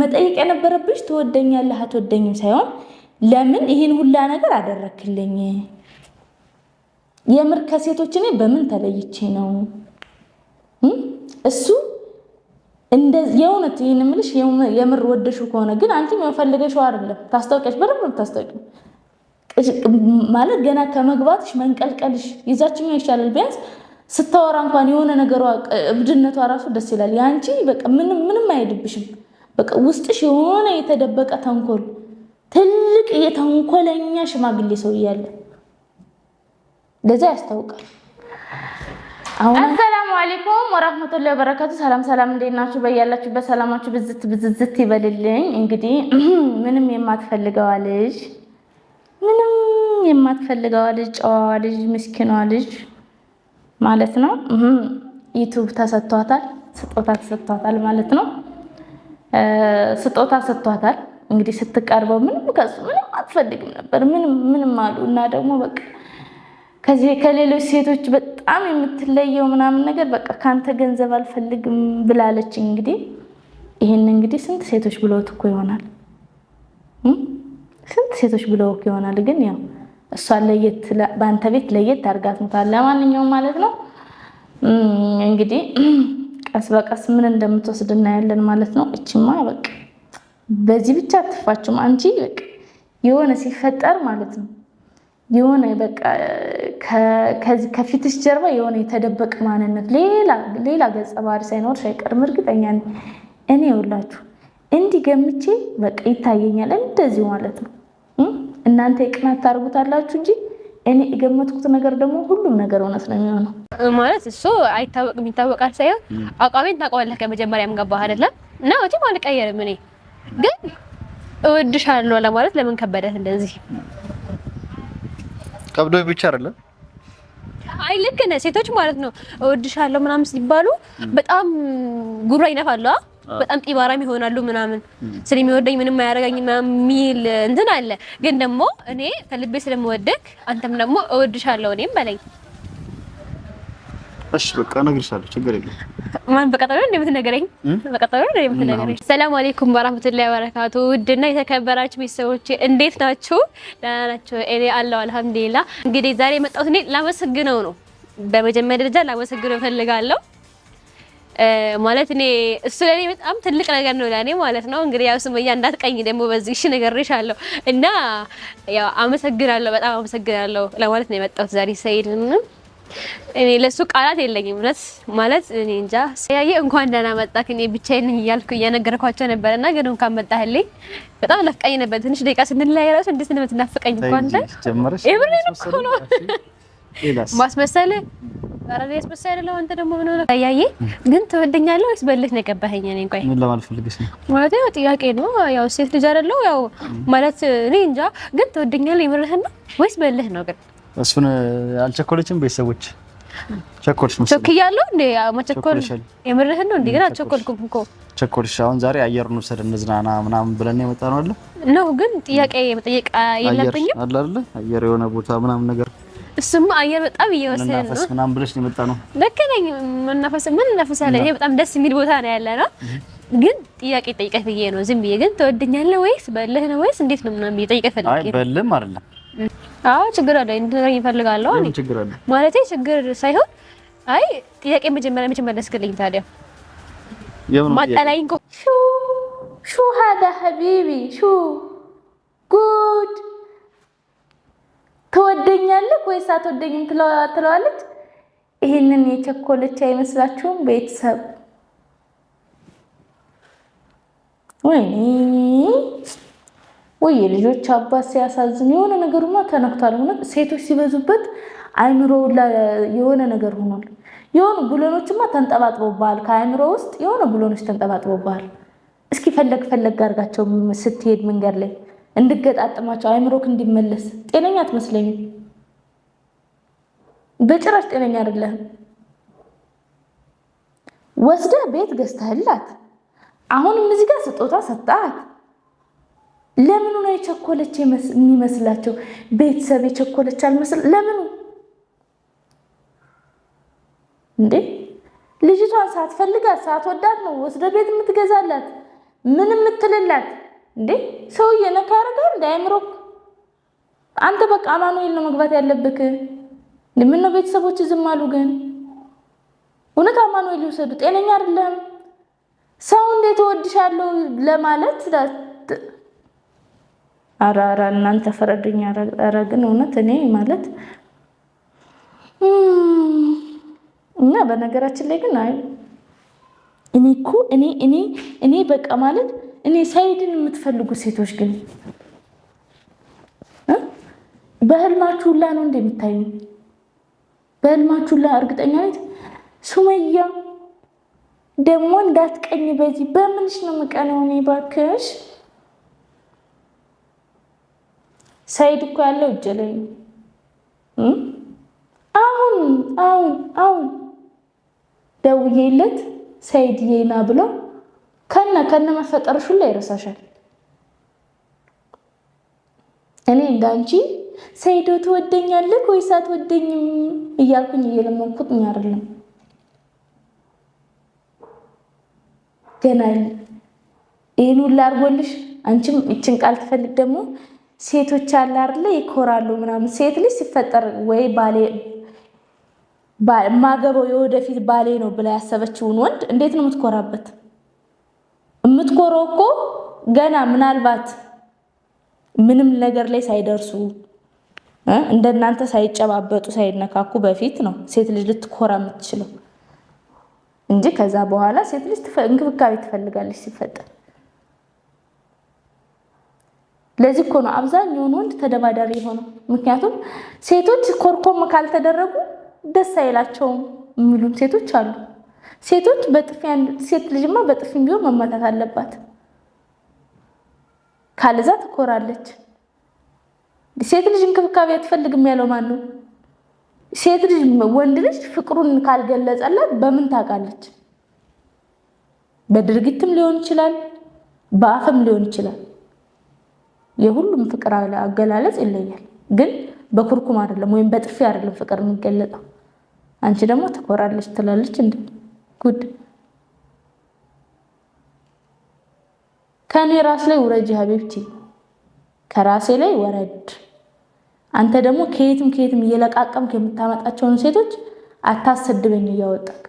መጠየቅ የነበረብሽ ትወደኛለህ አትወደኝም ሳይሆን ለምን ይህን ሁላ ነገር አደረክልኝ? የምር ከሴቶች እኔ በምን ተለይቼ ነው? እሱ የእውነት ይህን የምልሽ የምር ወደሽው ከሆነ ግን አንቺ የምፈልገሽው አይደለም። ታስታውቂያለሽ፣ በደንብ ታስታውቂው ማለት ገና ከመግባትሽ መንቀልቀልሽ ይዛችኛ ይሻላል። ቢያንስ ስታወራ እንኳን የሆነ ነገሯ እብድነቷ ራሱ ደስ ይላል። የአንቺ በቃ ምንም ምንም አይሄድብሽም። በቃ ውስጥሽ የሆነ የተደበቀ ተንኮል ትልቅ የተንኮለኛ ሽማግሌ ሰው እያለ ለዛ ያስታውቃል። አሰላሙ አሌይኩም ወራህመቱላሂ ወበረካቱ። ሰላም ሰላም፣ እንዴት ናችሁ? በያላችሁበት ሰላማችሁ ብዝት ብዝዝት ይበልልኝ። እንግዲህ ምንም የማትፈልገዋ ልጅ ምንም የማትፈልገዋ ልጅ ጨዋዋ ልጅ ምስኪኗ ልጅ ማለት ነው ዩቱብ ተሰጥቷታል፣ ስጦታ ተሰጥቷታል ማለት ነው ስጦታ ሰጥቷታል። እንግዲህ ስትቀርበው ምንም ከሱ ምንም አትፈልግም ነበር። ምንም ምንም አሉ እና ደግሞ በቃ ከዚህ ከሌሎች ሴቶች በጣም የምትለየው ምናምን ነገር በቃ ከአንተ ገንዘብ አልፈልግም ብላለች። እንግዲህ ይህን እንግዲህ ስንት ሴቶች ብለውት እኮ ይሆናል ስንት ሴቶች ብለው ይሆናል። ግን ያው እሷን ለየት በአንተ ቤት ለየት አድርጋት። ለማንኛውም ማለት ነው እንግዲህ ቀስ በቀስ ምን እንደምትወስድ እናያለን ማለት ነው። እችማ በቃ በዚህ ብቻ አትፋችሁም አንቺ በቃ የሆነ ሲፈጠር ማለት ነው የሆነ በቃ ከፊትሽ ጀርባ የሆነ የተደበቀ ማንነት ሌላ ገጸ ባህሪ ሳይኖር አይቀርም። እርግጠኛ እኔ የውላችሁ እንዲህ ገምቼ በቃ ይታየኛል እንደዚሁ ማለት ነው። እናንተ የቅናት ታርጉታላችሁ እንጂ እኔ የገመትኩት ነገር ደግሞ ሁሉም ነገር እውነት ነው የሚሆነው። ማለት እሱ አይታወቅም ይታወቃል ሳይሆን አቋሜን ታውቀዋለህ። ከመጀመሪያም ገባህ አይደለም እና መቼም አልቀየርም። እኔ ግን እወድሻለሁ ለማለት ለምን ከበደት እንደዚህ ከብዶኝ ብቻ አይደለም። አይ ልክ ነህ። ሴቶች ማለት ነው እወድሻለሁ ምናምን ሲባሉ በጣም ጉራ ይነፋሉ። በጣም ጢባራም ይሆናሉ ምናምን ስለሚወደኝ ምንም አያረጋኝ የሚል እንትን አለ። ግን ደግሞ እኔ ከልቤ ስለምወደክ አንተም ደግሞ እወድሻለሁ እኔም በለኝ። እሺ በቃ እነግርሻለሁ፣ ችግር የለም። ማን በቀጠሮ ነው የምትነግረኝ? በቀጠሮ ነው የምትነግረኝ። ሰላም አለይኩም ወራህመቱላሂ ወበረካቱ። ውድና የተከበራችሁ ቤተሰቦቼ እንዴት ናችሁ? ደህና ናችሁ? እኔ አለሁ አልሐምዱሊላህ። እንግዲህ ዛሬ የመጣሁት እኔ ላመሰግነው ነው። በመጀመሪያ ደረጃ ላመሰግነው እፈልጋለሁ ማለት እኔ እሱ ለኔ በጣም ትልቅ ነገር ነው ለኔ ማለት ነው። እንግዲህ ያው ስመኛ እንዳትቀኝ ደግሞ በዚህ እሺ ነግሬሻለሁ እና ያው አመሰግናለሁ፣ በጣም አመሰግናለሁ ለማለት ነው የመጣሁት ዛሬ ሰይድን። እኔ ለሱ ቃላት የለኝም እውነት ማለት እኔ እንጃ። ሰያየ እንኳን ደህና መጣህ። እኔ ብቻዬን እያልኩ እያነገርኳቸው ነበርና ግን እንኳን መጣህልኝ በጣም ናፍቃኝ ነበር። ትንሽ ደቂቃ ስንለያይ ራሱ እንዴት እንደምትናፍቀኝ እንኳን ጀመረሽ። ማስመሰል አረዴ ያስመሰል አይደለም። አንተ ደግሞ ምን ሆነህ ታያዬ? ግን ትወደኛለህ ወይስ በልህ ነው የቀባኸኝ? እኔ ቆይ ምን ለማለት ፈልገሽ ነው? ማለት ያው ጥያቄ ነው። ያው ሴት ልጅ አይደለሁ ያው ማለት እኔ እንጃ። ግን ትወደኛለህ የምርህን ነው ወይስ በልህ ነው? ግን እሱን አልቸኮለችም። ቤተሰቦች ቸኮልሽ መሰለኝ። ቸኩያለሁ እንዴ? መቸኮል የምርህን ነው እንዴ? ግን አልቸኮልኩም እኮ ቸኮልሽ። አሁን ዛሬ አየር እንውሰድ እንዝናና ምናምን ብለን የመጣ ነው አለ ነው ግን ጥያቄ መጠየቅ የለብኝም አለ አለ አየር የሆነ ቦታ ምናምን ነገር እሱም አየር በጣም እየወሰደ ነው። ነፋስ ምናምን ብለሽ ነው የመጣ ነው። ልክ ነኝ። መናፈስ ምን ነፋስ አለ። ይሄ በጣም ደስ የሚል ቦታ ነው ያለ ነው። ግን ጥያቄ ጠይቀህ ብዬ ነው ዝም ብዬ። ግን ትወደኛለህ ወይስ በልህ ነው ወይስ እንዴት ነው ምናምን ብዬ ጠይቀህ ፈልጌ። አይ በልም አይደለም። አዎ ችግር አለ እንድትነግረኝ እፈልጋለሁ። እኔ ችግር አለ ማለቴ ችግር ሳይሆን አይ ጥያቄ መጀመሪያ መቼ መለስክልኝ ታዲያ? ማጠላይን እኮ ሹ ሹ ሀዳ ሀቢቢ ሹ ጉድ ትወደኛለህ ወይስ አትወደኝም ትለዋለች። ይህንን የቸኮለች አይመስላችሁም ቤተሰብ? ወይኔ ወይ የልጆች አባት ሲያሳዝን፣ የሆነ ነገሩማ ተነክቷል። ሆነ ሴቶች ሲበዙበት አይምሮ የሆነ ነገር ሆኗል። የሆኑ ቡለኖችማ ተንጠባጥቦብሃል። ከአይምሮ ውስጥ የሆነ ቡለኖች ተንጠባጥቦብሃል። እስኪ ፈለግ ፈለግ አድርጋቸው ስትሄድ መንገድ ላይ እንድገጣጥማቸው አይምሮክ እንዲመለስ ጤነኛ አትመስለኝም። በጭራሽ ጤነኛ አይደለህም። ወስደህ ቤት ገዝተህላት አሁንም እዚህ ጋር ስጦታ ሰጣት። ለምኑ ነው የቸኮለች የሚመስላቸው? ቤተሰብ የቸኮለች አልመስል ለምኑ እንዴ? ልጅቷን ሳትፈልጋት ሳትወዳት ነው ወስደ ቤት የምትገዛላት ምን የምትልላት? እንዴ ሰውዬ ነካ ያደርጋል እንደ አይምሮክ አንተ በቃ አማኑኤል ነው መግባት ያለብክ። ምን ነው ቤተሰቦች ዝም አሉ? ግን እውነት አማኑኤል ይውሰዱ። ጤነኛ አይደለም ሰው እንዴት እወድሻለሁ ለማለት ኧረ ኧረ እናንተ ፈረዱኝ። ኧረ ግን እውነት እኔ ማለት እና በነገራችን ላይ ግን አይ እኔ እኮ እኔ እኔ እኔ በቃ ማለት እኔ ሰይድን የምትፈልጉ ሴቶች ግን በህልማችሁ ሁላ ነው የምታዩ በህልማችሁ ሁላ እርግጠኛ ነኝ። ሱመያ ደግሞ እንዳትቀኝ። በዚህ በምንሽ ነው የምቀነው እኔ እባክሽ። ሰይድ እኮ ያለው እጄ ላይ ነው። አሁን አሁን አሁን ደውዬለት ሰኢድዬ ዬና ብለው ከነ ከነ መፈጠርሽ ሁላ ይረሳሻል። እኔ እንዳንቺ ሰይዶ ትወደኛለህ ወይስ አትወደኝም እያልኩኝ እየለመንኩት አይደለም ገና ይህን ሁላ አድርጎልሽ አንቺም ይችን ቃል ትፈልግ ደግሞ ሴቶች አለ አይደለ ይኮራሉ ምናምን ሴት ልጅ ሲፈጠር ወይ ባሌ ማገበው የወደፊት ባሌ ነው ብላ ያሰበችውን ወንድ እንዴት ነው የምትኮራበት? የምትኮረው እኮ ገና ምናልባት ምንም ነገር ላይ ሳይደርሱ እንደናንተ ሳይጨባበጡ ሳይነካኩ በፊት ነው ሴት ልጅ ልትኮራ የምትችለው እንጂ ከዛ በኋላ ሴት ልጅ እንክብካቤ ትፈልጋለች ሲፈጠር። ለዚህ እኮ ነው አብዛኛውን ወንድ ተደባዳሪ የሆነው። ምክንያቱም ሴቶች ኮርኮም ካልተደረጉ ደስ አይላቸውም የሚሉም ሴቶች አሉ። ሴቶች ሴት ልጅማ በጥፊም ቢሆን መመታት አለባት። ካለዛ ትኮራለች። ሴት ልጅ እንክብካቤ አትፈልግም ያለው ማን ነው? ሴት ልጅ ወንድ ልጅ ፍቅሩን ካልገለጸላት በምን ታውቃለች? በድርጊትም ሊሆን ይችላል፣ በአፍም ሊሆን ይችላል። የሁሉም ፍቅር አገላለጽ ይለያል። ግን በኩርኩም አይደለም ወይም በጥፊ አይደለም ፍቅር የሚገለጠው። አንቺ ደግሞ ትኮራለች ትላለች እንዴ? ከኔ ራስ ላይ ውረጅ ሀቢብቲ፣ ከራሴ ላይ ወረድ። አንተ ደግሞ ከየትም ከየትም እየለቃቀምክ የምታመጣቸውን ሴቶች አታሰድበኝ እያወጣክ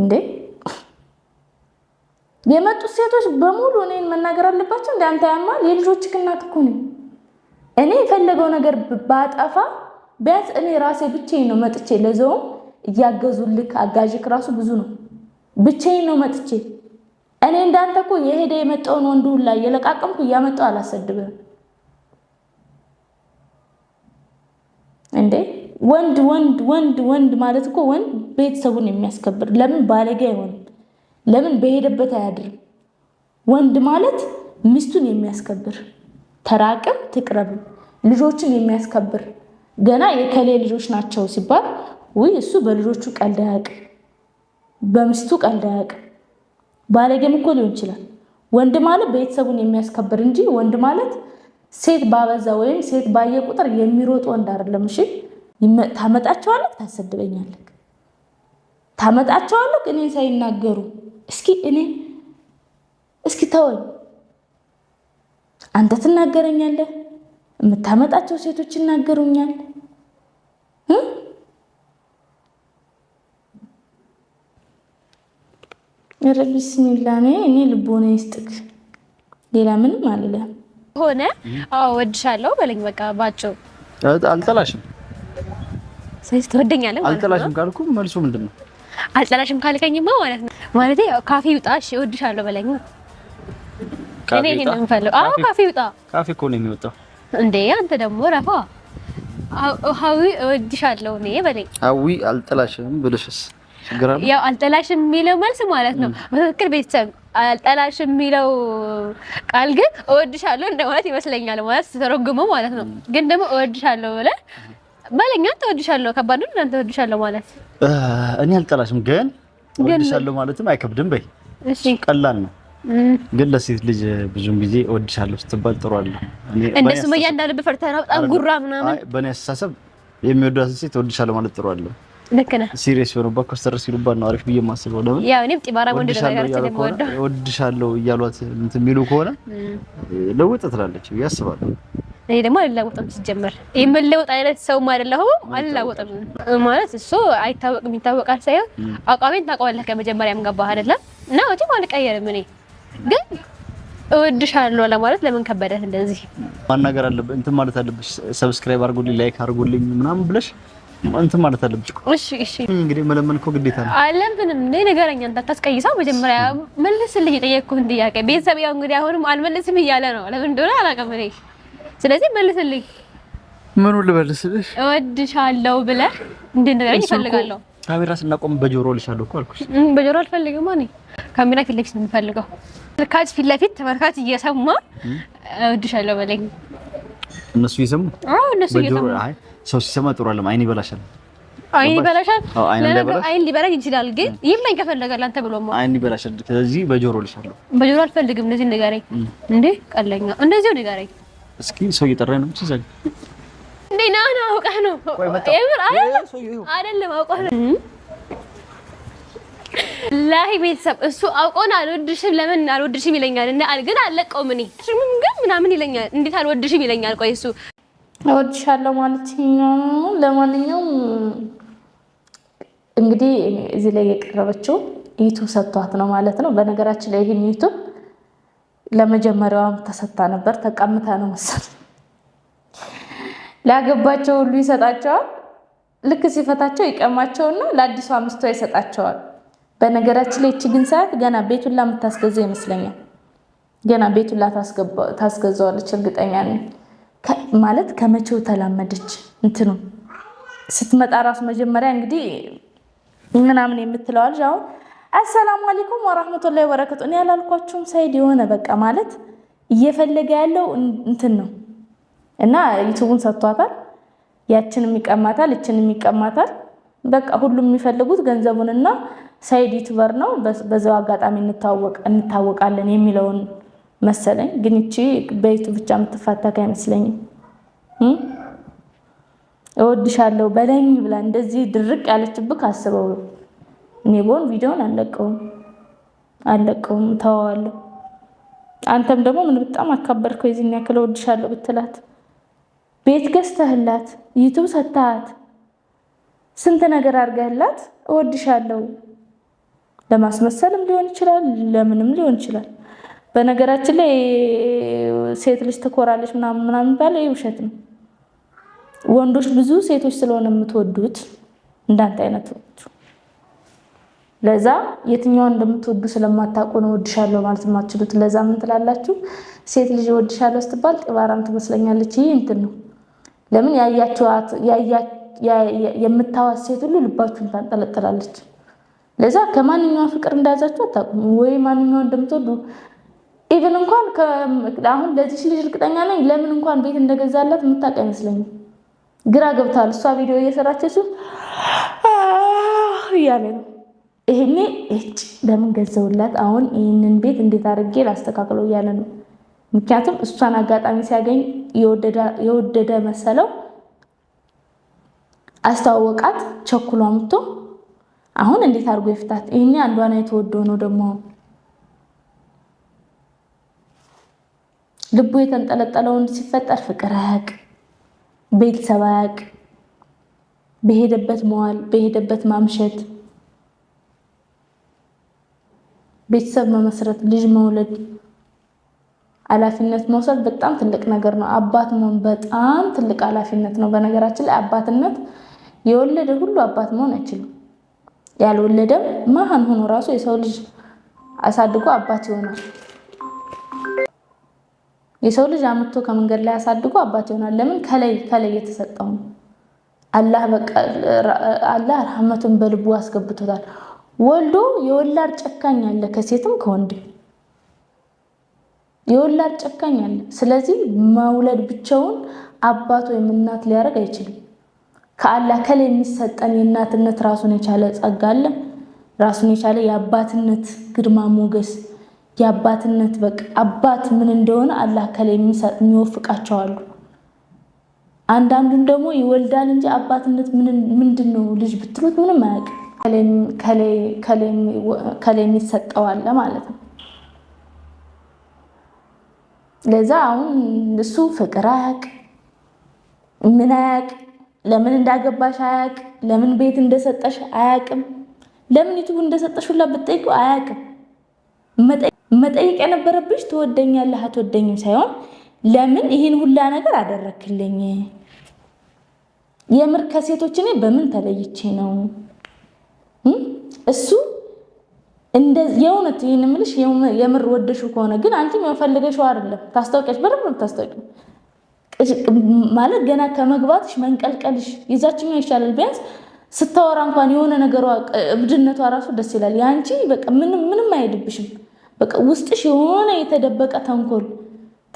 እንዴ! የመጡት ሴቶች በሙሉ እኔን መናገር አለባቸው። እንደ አንተ ያማል። የልጆችህ እናት እኮ ነኝ። እኔ የፈለገው ነገር ባጠፋ ቢያንስ እኔ ራሴ ብቻዬን ነው መጥቼ ለዘውም እያገዙልክ አጋዥክ ራሱ ብዙ ነው። ብቻዬን ነው መጥቼ እኔ እንዳንተ እኮ የሄደ የመጣውን ወንድ ሁላ እየለቃቀምኩ እያመጣው አላሰድብም። እንዴ! ወንድ ወንድ ወንድ ወንድ ማለት እኮ ወንድ ቤተሰቡን የሚያስከብር ለምን ባለጌ አይሆንም? ለምን በሄደበት አያድርም? ወንድ ማለት ሚስቱን የሚያስከብር ተራቅም ትቅረብም ልጆችን የሚያስከብር ገና የከሌ ልጆች ናቸው ሲባል ውይ እሱ በልጆቹ ቀልድ አያውቅም፣ በሚስቱ ቀልድ አያውቅም። ባለጌም እኮ ሊሆን ይችላል። ወንድ ማለት ቤተሰቡን የሚያስከብር እንጂ ወንድ ማለት ሴት ባበዛ ወይም ሴት ባየ ቁጥር የሚሮጥ ወንድ አይደለም። እሺ ታመጣቸዋለህ፣ ታሰድበኛለህ፣ ታመጣቸዋለህ እኔን ሳይናገሩ እስኪ እኔ እስኪ ተወኝ። አንተ ትናገረኛለህ፣ የምታመጣቸው ሴቶች ይናገሩኛል። ኧረ ቢስሚላ እኔ ልቦና ይስጥክ፣ ሌላ ምንም አለ ሆነ። አዎ እወድሻለሁ በለኝ በቃ ባጭው አልጠላሽም ስለዚህ ትወደኛለህ አልጠላሽም ካልኩ መልሱ ምንድን ነው? አልጠላሽም ካልከኝማ ማለት ነው ማለቴ ካፌ ውጣ፣ እሺ እወድሻለሁ በለኝ። እኔ ይሄን ነው አዎ ካፌ ውጣ። ካፌ እኮ ነው የሚወጣው እንዴ አንተ ደግሞ ረፋ ሀዊ እወድሻለሁ እኔ በለኝ። አዊ አልጠላሽም ብልሽስ ያው አልጠላሽም የሚለው መልስ ማለት ነው በትክክል ቤተሰብ አልጠላሽ የሚለው ቃል ግን እወድሻለሁ እንደማለት ይመስለኛል። ማለት ስተረጉሞ ማለት ነው። ግን ደግሞ እወድሻለሁ ብለህ በለኛ አንተ ከባድ ነው። እናንተ እወድሻለሁ ማለት እኔ አልጠላሽም፣ ግን እወድሻለሁ ማለትም አይከብድም። በይ እሺ፣ ቀላል ነው። ግን ለሴት ልጅ ብዙም ጊዜ እወድሻለሁ ስትባል ጥሩ አለ። እንደሱ መያ እንዳለብህ ፈርተህ ነው በጣም ጉራ ምናምን። በእኔ አስተሳሰብ የሚወዳት ሴት እወድሻለሁ ማለት ጥሩ አለ። ልክ ነህ። ሲሪየስ የሆነባት ኮስተር ሲሉባት ነው አሪፍ ብዬ የማስበው። ለምን ያው እኔም ጢባራ ወንድ ነገር እወድሻለሁ እያሏት እንትን የሚሉ ከሆነ ለውጥ ትላለች ብዬ አስባለሁ። እኔ ደግሞ አልለወጥም። ሲጀመር የምለወጥ አይነት ሰውም አይደለሁም። አልለወጥም ማለት እሱ አይታወቅም ይታወቃል ሳይሆን አቋሜን ታውቀዋለህ። ከመጀመሪያም ገባህ አይደለም እና ወዲህ አልቀየርም። እኔ ግን እወድሻለሁ ለማለት ለምን ከበደህ? እንደዚህ ማናገር አለብህ እንትን ማለት አለብሽ። ሰብስክራይብ አድርጉልኝ፣ ላይክ አድርጉልኝ ምናምን ብለሽ አንተ ማለት አለብሽ። እሺ እሺ፣ እንግዲህ መለመን እኮ ግዴታ ነው። አለብንም እንደ ነገረኛ እንዳታስቀይሰው መጀመሪያ መልስልኝ የጠየቅኩህን ጥያቄ። ቤተሰብ ያው እንግዲህ አሁንም አልመልስም እያለ ነው። ለምን እንደሆነ አላውቅም እኔ። ስለዚህ መልስልኝ። ምኑ ልመልስልሽ? እወድሻለሁ ብለህ እንድንገረኝ እፈልጋለሁ። ካሜራ ስናቆም በጆሮ ልሻለሁ እኮ አልኩሽ። በጆሮ አልፈልግም እኔ ካሜራ ፊት ለፊት ነው የምፈልገው። ተመልካች ፊት ለፊት ተመልካች እየሰማ እወድሻለሁ በለኝ። እነሱ እየሰሙ አዎ፣ እነሱ እየሰሙ ሰው ሲሰማ ጥሩ አለም አይን ይበላሻል። አይን ይበላሻል። አይን ሊበላሽ ይችላል፣ ግን ይብላኝ ከፈለገ ላንተ ብሎ ማለት አይን ይበላሻል። ስለዚህ በጆሮ ልሻለሁ። በጆሮ አልፈልግም። እንደዚህ ንገረኝ እንዴ፣ ቀለኛ እንደዚህ ንገረኝ እስኪ። ሰው እየጠራኝ ነው። ሲዘል እንዴ ና ና አውቀህ ነው የምር አይደለም፣ አውቀህ ነው ላይ ቤተሰብ እሱ አውቆን አልወድሽም ለምን አልወድሽም ይለኛል፣ እና ግን አልለቀውም ምን ምን ምናምን ይለኛል። እንዴት አልወድሽም ይለኛል። ቆይ እሱ እወድሻለሁ ማለት ነው። ለማንኛውም እንግዲህ እዚህ ላይ የቀረበችው ዩቱብ ሰጥቷት ነው ማለት ነው። በነገራችን ላይ ይህን ዩቱብ ለመጀመሪያዋም ተሰጥታ ነበር፣ ተቀምታ ነው መሰል ላገባቸው ሁሉ ይሰጣቸዋል። ልክ ሲፈታቸው ይቀማቸውና ለአዲሱ ሚስቷ ይሰጣቸዋል። በነገራችን ላይ እቺ ግን ሰዓት ገና ቤቱን ላ ይመስለኛል። ገና ቤቱን ላ ታስገዛዋለች፣ እርግጠኛ ነኝ። ማለት ከመቼው ተላመደች እንትኑ ስትመጣ ራሱ መጀመሪያ እንግዲህ ምናምን የምትለዋል አሁን አሰላሙ አለይኩም ወራህመቱላሂ ወበረከቱ። እኔ ያላልኳችሁም ሳይድ የሆነ በቃ ማለት እየፈለገ ያለው እንትን ነው እና ዩቱቡን ሰጥቷታል። ያችንም ይቀማታል፣ እችንም ይቀማታል። በቃ ሁሉም የሚፈልጉት ገንዘቡንና ሳይድ ዩቱበር ነው በዛው አጋጣሚ እንታወቃለን የሚለውን መሰለኝ። ግን ይቺ በዩቱብ ብቻ የምትፋታ አይመስለኝም። እወድሻለሁ በለኝ ብላ እንደዚህ ድርቅ ያለችብክ አስበው እኔ ቦን ቪዲዮን አለቀውም አለቀውም ተዋዋለሁ። አንተም ደግሞ ምን በጣም አካበድከው። የዚህን ያክል እወድሻለሁ ብትላት ቤት ገዝተህላት ዩቱብ ሰታት ስንት ነገር አድርገህላት እወድሻለሁ ለማስመሰልም ሊሆን ይችላል፣ ለምንም ሊሆን ይችላል። በነገራችን ላይ ሴት ልጅ ትኮራለች ምናምን ምናምን ባለ ይህ ውሸት ነው። ወንዶች ብዙ ሴቶች ስለሆነ የምትወዱት እንዳንተ አይነት ለዛ የትኛውን እንደምትወዱ ስለማታውቁ ነው ወድሻለሁ ማለት የማትችሉት። ለዛ ምን ትላላችሁ? ሴት ልጅ ወድሻለሁ ስትባል ጢባራም ትመስለኛለች። ይህ እንትን ነው። ለምን ያያችኋት የምታዋት ሴት ሁሉ ልባችሁን ታንጠለጥላለች። ለዛ ከማንኛውም ፍቅር እንዳያዛችሁ አታውቁም ወይ ማንኛው እንደምትወዱ ኢቭን እንኳን አሁን ለዚች ልጅ እርግጠኛ ነኝ ለምን እንኳን ቤት እንደገዛላት የምታውቅ አይመስለኝም። ግራ ገብታል። እሷ ቪዲዮ እየሰራች እሱ እያለ ነው። ይሄኔ እጭ ለምን ገዘውላት አሁን ይህንን ቤት እንዴት አድርጌ ላስተካክለው እያለ ነው። ምክንያቱም እሷን አጋጣሚ ሲያገኝ የወደደ መሰለው አስተዋወቃት። ቸኩሏ ምቶ አሁን እንዴት አድርጎ ይፍታት? ይህኔ አንዷና የተወደው ነው ደግሞ ልቡ የተንጠለጠለው ወንድ ሲፈጠር ፍቅር አያውቅ፣ ቤተሰብ አያውቅ፣ በሄደበት መዋል፣ በሄደበት ማምሸት፣ ቤተሰብ መመስረት፣ ልጅ መውለድ፣ ኃላፊነት መውሰድ በጣም ትልቅ ነገር ነው። አባት መሆን በጣም ትልቅ ኃላፊነት ነው። በነገራችን ላይ አባትነት የወለደ ሁሉ አባት መሆን አይችልም። ያልወለደም መሀን ሆኖ ራሱ የሰው ልጅ አሳድጎ አባት ይሆናል። የሰው ልጅ አምጥቶ ከመንገድ ላይ አሳድጎ አባት ይሆናል። ለምን ከላይ ከላይ የተሰጠው ነው። አላህ በቃ አላህ ረህመቱን በልቡ አስገብቶታል። ወልዶ የወላድ ጨካኝ አለ፣ ከሴትም ከወንድ የወላድ ጨካኝ አለ። ስለዚህ መውለድ ብቻውን አባት ወይም እናት ሊያደርግ አይችልም። ከአላህ ከላይ የሚሰጠን የእናትነት ራሱን የቻለ ጸጋ አለ፣ ራሱን የቻለ የአባትነት ግርማ ሞገስ የአባትነት በቃ አባት ምን እንደሆነ አላህ ከላይ የሚወፍቃቸው አሉ። አንዳንዱን ደግሞ ይወልዳል እንጂ አባትነት ምንድን ነው ልጅ ብትሉት ምንም አያውቅም። ከላይ የሚሰጠው አለ ማለት ነው። ለዛ አሁን እሱ ፍቅር አያውቅ ምን አያውቅ፣ ለምን እንዳገባሽ አያውቅ፣ ለምን ቤት እንደሰጠሽ አያውቅም፣ ለምን ዩቱብ እንደሰጠሽ ሁላ ብትጠይቁ አያውቅም። መጠየቅ የነበረብሽ ትወደኛለህ አትወደኝም ሳይሆን ለምን ይህን ሁላ ነገር አደረክልኝ? የምር ከሴቶች እኔ በምን ተለይቼ ነው? እሱ የእውነት ይህን የምልሽ የምር ወደሽው ከሆነ ግን አንቺም የፈልገሽው አይደለም። ታስታውቂያለሽ፣ በደንብ ነው ታስታውቂው። ማለት ገና ከመግባትሽ መንቀልቀልሽ ይዛችኛ ይሻላል። ቢያንስ ስታወራ እንኳን የሆነ ነገሯ እብድነቷ ራሱ ደስ ይላል። የአንቺ በቃ ምንም ምንም አይሄድብሽም። በቃ ውስጥሽ የሆነ የተደበቀ ተንኮል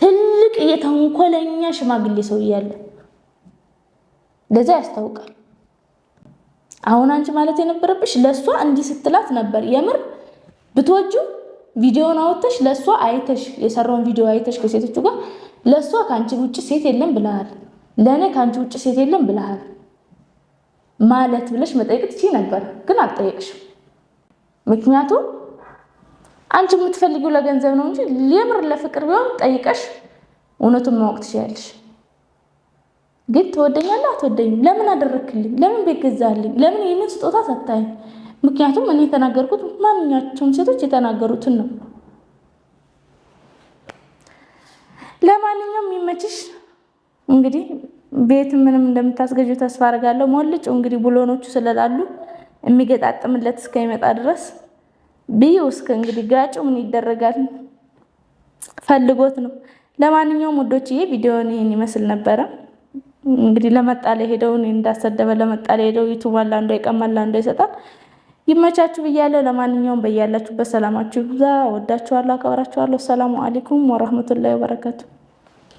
ትልቅ የተንኮለኛ ሽማግሌ ሰው እያለ ለዛ ያስታውቃል። አሁን አንቺ ማለት የነበረብሽ ለእሷ እንዲህ ስትላት ነበር። የምር ብትወጁ ቪዲዮን አወተሽ ለእሷ አይተሽ የሰራውን ቪዲዮ አይተሽ ከሴቶቹ ጋር ለእሷ ከአንቺ ውጭ ሴት የለም ብለሃል፣ ለእኔ ከአንቺ ውጭ ሴት የለም ብለሃል ማለት ብለሽ መጠየቅ ትችይ ነበር፣ ግን አልጠየቅሽም ምክንያቱም አንቺ የምትፈልጊው ለገንዘብ ነው እንጂ ሊምር ለፍቅር ቢሆን ጠይቀሽ እውነቱን ማወቅ ትችያለሽ። ግን ትወደኛለህ አትወደኝም፣ ለምን አደረክልኝ፣ ለምን ቤት ገዛልኝ፣ ለምን ይህንን ስጦታ ሰታኝ? ምክንያቱም እኔ የተናገርኩት ማንኛቸውም ሴቶች የተናገሩትን ነው። ለማንኛውም የሚመችሽ እንግዲህ ቤት ምንም እንደምታስገዥ ተስፋ አድርጋለሁ። ሞልጭ እንግዲህ ብሎኖቹ ስለላሉ የሚገጣጥምለት እስከሚመጣ ድረስ ቢዩስ እስከ ጋጩ ምን ይደረጋል ፈልጎት ነው። ለማንኛውም ውዶችዬ ቪዲዮውን ይሄን ይመስል ነበረ። እንግዲህ ለመጣለ ሄደው እንዳሰደበ ለመጣለ ሄደው ዩቱብ አለ አንዱ ይቀማል አንዱ ይሰጣል። ይመቻችሁ ብያለሁ። ለማንኛውም በያላችሁበት ሰላማችሁ ይብዛ። ወዳችኋለሁ፣ አከብራችኋለሁ። ሰላሙ አለይኩም ወራህመቱላሂ ወበረካቱ